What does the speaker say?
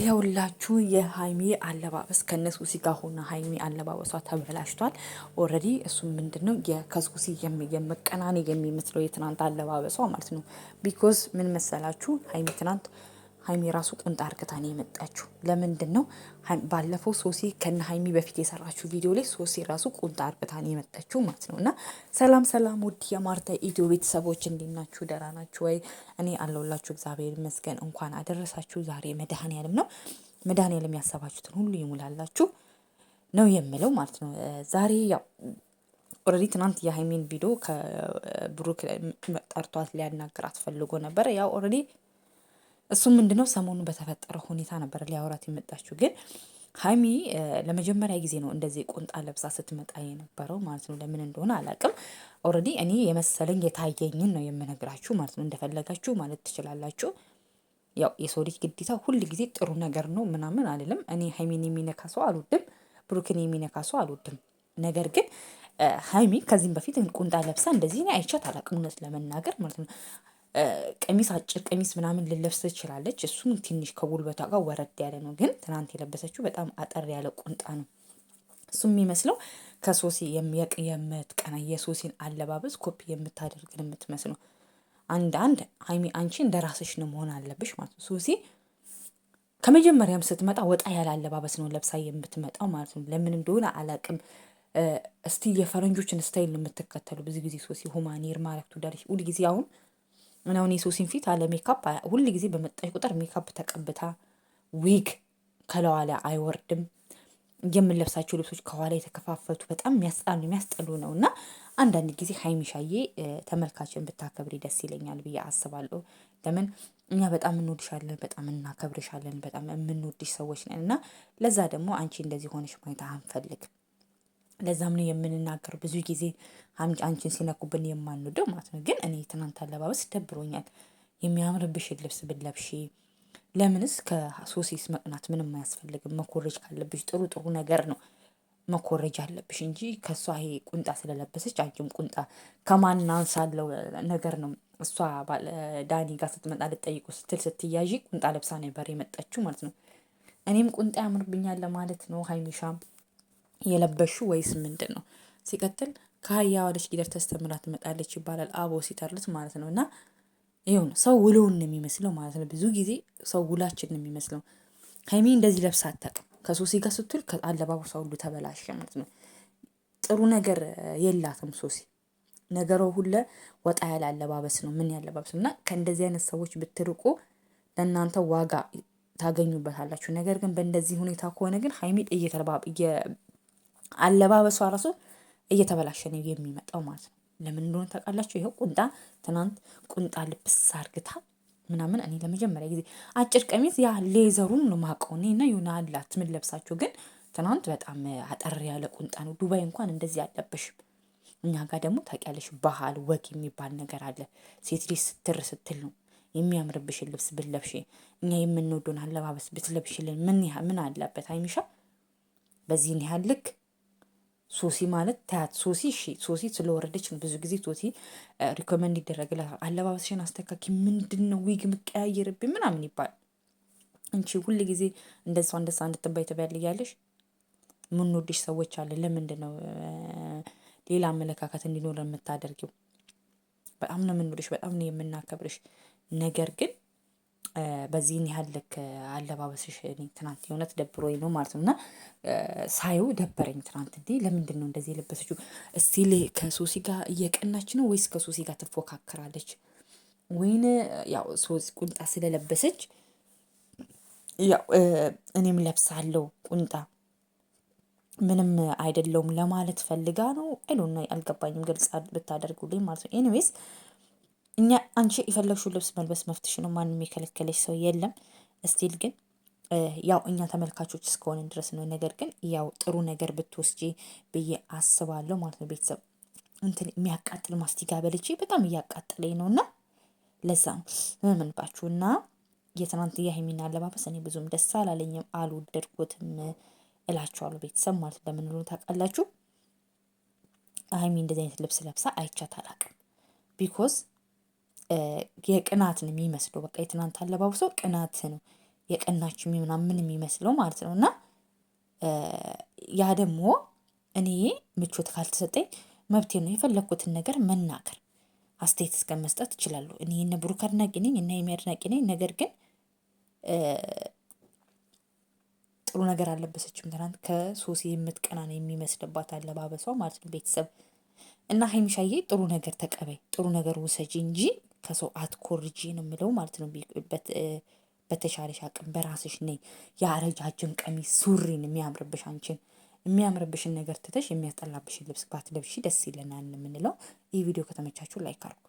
ይኸውላችሁ የሀይሚ አለባበስ ከነ ሱሲ ጋር ሆና ሀይሚ አለባበሷ ተበላሽቷል። ኦልሬዲ እሱም ምንድን ነው ከሱሲ የመቀናኔ የሚመስለው የትናንት አለባበሷ ማለት ነው። ቢኮዝ ምን መሰላችሁ ሀይሚ ትናንት ሀይሚ ራሱ ቁንጣ እርግታ ነው የመጣችው። ለምንድን ነው ባለፈው ሶሲ ከነ ሀይሚ በፊት የሰራችው ቪዲዮ ላይ ሶሲ ራሱ ቁንጣ እርግታ ነው የመጣችሁ ማለት ነው። እና ሰላም ሰላም፣ ውድ የማርታ ኢትዮ ቤተሰቦች እንዴት ናችሁ? ደህና ናችሁ ወይ? እኔ አለሁላችሁ እግዚአብሔር ይመስገን። እንኳን አደረሳችሁ። ዛሬ መድኃኔዓለም ነው። ያለም ያሰባችሁትን ሁሉ ይሙላላችሁ ነው የምለው ማለት ነው። ዛሬ ያው ኦልሬዲ ትናንት የሀይሚን ቪዲዮ ከብሩክ ጠርቷት ሊያናግራት ፈልጎ ነበረ። ያው ኦልሬዲ እሱም ምንድነው ሰሞኑን በተፈጠረው ሁኔታ ነበር ሊያወራት የመጣችው ግን ሀይሚ ለመጀመሪያ ጊዜ ነው እንደዚህ ቁንጣ ለብሳ ስትመጣ የነበረው ማለት ነው። ለምን እንደሆነ አላቅም። ኦልሬዲ እኔ የመሰለኝ የታየኝን ነው የምነግራችሁ ማለት ነው። እንደፈለጋችሁ ማለት ትችላላችሁ። ያው የሰው ልጅ ግዴታ ሁል ጊዜ ጥሩ ነገር ነው ምናምን አልልም። እኔ ሀይሚን የሚነካ ሰው አልወድም፣ ብሩክን የሚነካ ሰው አልወድም። ነገር ግን ሀይሚ ከዚህም በፊት ቁንጣ ለብሳ እንደዚህ እኔ አይቻት አላቅም እውነት ለመናገር ማለት ነው። ቀሚስ አጭር ቀሚስ ምናምን ልለብስ ትችላለች። እሱም ትንሽ ከጉልበቷ ጋር ወረድ ያለ ነው። ግን ትናንት የለበሰችው በጣም አጠር ያለ ቁንጣ ነው። እሱ የሚመስለው ከሶሲ የምትቀና የሶሲን አለባበስ ኮፒ የምታደርግ የምትመስለው አንዳንድ አንድ ሀይሚ አንቺ እንደ ራስሽ ነው መሆን አለብሽ ማለት ነው። ሶሲ ከመጀመሪያም ስትመጣ ወጣ ያለ አለባበስ ነው ለብሳ የምትመጣው ማለት ነው። ለምን እንደሆነ አላቅም። እስቲ የፈረንጆችን ስታይል ነው የምትከተሉ ብዙ ጊዜ ሶሲ ሁማኒር ማለት ትወዳለች ሁልጊዜ አሁን እና አሁን የሶሲን ፊት አለ ሜካፕ ሁል ጊዜ በመጣሽ ቁጥር ሜካፕ ተቀብታ ዊግ ከለዋላ አይወርድም። የምንለብሳቸው ልብሶች ከኋላ የተከፋፈቱ በጣም የሚያስጣሉ የሚያስጠሉ ነው እና አንዳንድ ጊዜ ሀይሚሻዬ ተመልካችን ብታከብሪ ደስ ይለኛል ብዬ አስባለሁ። ለምን እኛ በጣም እንወድሻለን፣ በጣም እናከብርሻለን፣ በጣም የምንወድሽ ሰዎች ነን እና ለዛ ደግሞ አንቺ እንደዚህ ሆነሽ ማየት አንፈልግ ለዛም ነው የምንናገር ብዙ ጊዜ አንቺን ሲነኩብን የማንወደው ማለት ነው። ግን እኔ ትናንት አለባበስ ደብሮኛል። የሚያምርብሽን ልብስ ብለብሽ ለምንስ ከሶሴስ መቅናት ምንም አያስፈልግም። መኮረጅ ካለብሽ ጥሩ ጥሩ ነገር ነው መኮረጅ አለብሽ እንጂ ከእሷ ይሄ ቁንጣ ስለለበሰች አንቺም ቁንጣ ከማን አንሳለው ነገር ነው። እሷ ዳኒ ጋር ስትመጣ ልጠይቁ ስትል ስትያዥ ቁንጣ ለብሳ ነበር የመጣችው ማለት ነው። እኔም ቁንጣ ያምርብኛል ለማለት ነው። ሀይሚሻም የለበሹ ወይስ ምንድን ነው? ሲቀጥል ከአህያ ወደች ጊደር ተስተምራ ትመጣለች ይባላል። አቦ ሲተርት ማለት ነው። እና ይኸው ነው ሰው ውሎውን ነው የሚመስለው ማለት ነው። ብዙ ጊዜ ሰው ውላችን ነው የሚመስለው። ሀይሚ እንደዚህ ለብሳ አታውቅም። ከሶሲ ጋር ስትውል አለባበሷ ሁሉ ተበላሸ ማለት ነው። ጥሩ ነገር የላትም ሶሲ። ነገሮ ሁለ ወጣ ያለ አለባበስ ነው። ምን ያለባበስ እና ከእንደዚህ አይነት ሰዎች ብትርቁ ለእናንተ ዋጋ ታገኙበታላችሁ። ነገር ግን በእንደዚህ ሁኔታ ከሆነ ግን ሀይሚ አለባበሷ ራሱ እየተበላሸ ነው የሚመጣው ማለት ነው። ለምን እንደሆነ ታውቃላችሁ? ይኸው ቁንጣ ትናንት ቁንጣ ልብስ አርግታ ምናምን እኔ ለመጀመሪያ ጊዜ አጭር ቀሚስ ያ ሌዘሩን ነው ማውቀው እኔ እና የሆነ አላት ምን ለብሳችሁ ግን ትናንት በጣም አጠር ያለ ቁንጣ ነው። ዱባይ እንኳን እንደዚህ አለብሽም። እኛ ጋር ደግሞ ታውቂያለሽ፣ ባህል ወግ የሚባል ነገር አለ። ሴት ልጅ ስትር ስትል ነው የሚያምርብሽን ልብስ ብለብሽ፣ እኛ የምንወደውን አለባበስ ብትለብሽልን ምን ምን አለበት አይሚሻ በዚህን ያህል ልክ ሶሲ ማለት ታያት ሶሲ እሺ፣ ሶሲ ስለወረደች ነው ብዙ ጊዜ ሶሲ ሪኮመንድ ይደረግላታል። አለባበስሽን አስተካኪ፣ ምንድን ነው ዊግ ምቀያየርብኝ ምናምን ይባል። እንቺ ሁል ጊዜ እንደሷ እንደዛ እንድትባይ ትበልያለሽ። ምንወድሽ ሰዎች አለ። ለምንድን ነው ሌላ አመለካከት እንዲኖር የምታደርጊው? በጣም ነው የምንወድሽ፣ በጣም ነው የምናከብርሽ። ነገር ግን በዚህን ያህል ልክ አለባበስሽ ትናንት የእውነት ደብሮኝ ነው ማለት ነው እና ሳየው ደበረኝ። ትናንት እንዲ ለምንድን ነው እንደዚህ የለበሰችው? እስቲል ከሶሲ ጋር እየቀናች ነው ወይስ ከሶሲ ጋር ትፎካከራለች? ወይን ያው ሶሲ ቁንጣ ስለለበሰች ያው እኔም ለብሳለው ቁንጣ ምንም አይደለውም ለማለት ፈልጋ ነው። አይሎና አልገባኝም፣ ግልጽ ብታደርጉልኝ ማለት ነው። ኤኒዌይስ እኛ አንቺ የፈለግሽውን ልብስ መልበስ መፍትሽ ነው። ማንም የከለከለች ሰው የለም። እስቲል ግን ያው እኛ ተመልካቾች እስከሆንን ድረስ ነው። ነገር ግን ያው ጥሩ ነገር ብትወስጂ ብዬ አስባለሁ ማለት ነው። ቤተሰብ እንትን የሚያቃጥል ማስቲጋ በልቼ በጣም እያቃጠለኝ ነው እና ለዛ ምንባችሁ እና የትናንት የሀይሚና አለባበስ እኔ ብዙም ደስ አላለኝም፣ አልወደድኩትም እላችኋለሁ ቤተሰብ ማለት ለምን ሆኖ ታውቃላችሁ? ሀይሚ እንደዚህ አይነት ልብስ ለብሳ አይቻት አላውቅም ቢኮዝ የቅናት ነው የሚመስለው። በቃ የትናንት አለባብሶ ቅናት ነው የቀናች ምናምን የሚመስለው ማለት ነው። እና ያ ደግሞ እኔ ምቾት ካልተሰጠኝ መብቴ ነው የፈለግኩትን ነገር መናገር፣ አስተያየት እስከ መስጠት እችላለሁ። እኔ እነ ብሩክ አድናቂ ነኝ፣ እና ሀይሚ አድናቂ ነኝ። ነገር ግን ጥሩ ነገር አለበሰችም ትናንት። ከሶሲ የምትቀና ነው የሚመስልባት አለባበሷ ማለት ነው። ቤተሰብ እና ሀይሚሻዬ ጥሩ ነገር ተቀበይ፣ ጥሩ ነገር ውሰጂ እንጂ ከሰው አትኮርጂ ነው የምለው ማለት ነው። በተሻለሽ አቅም በራስሽ ነይ። የአረጃጅም ቀሚስ ሱሪን የሚያምርብሽ አንቺን የሚያምርብሽን ነገር ትተሽ የሚያስጠላብሽን ልብስ ባትለብሺ ደስ ይለናል የምንለው። ይህ ቪዲዮ ከተመቻችሁ ላይክ አርጉ።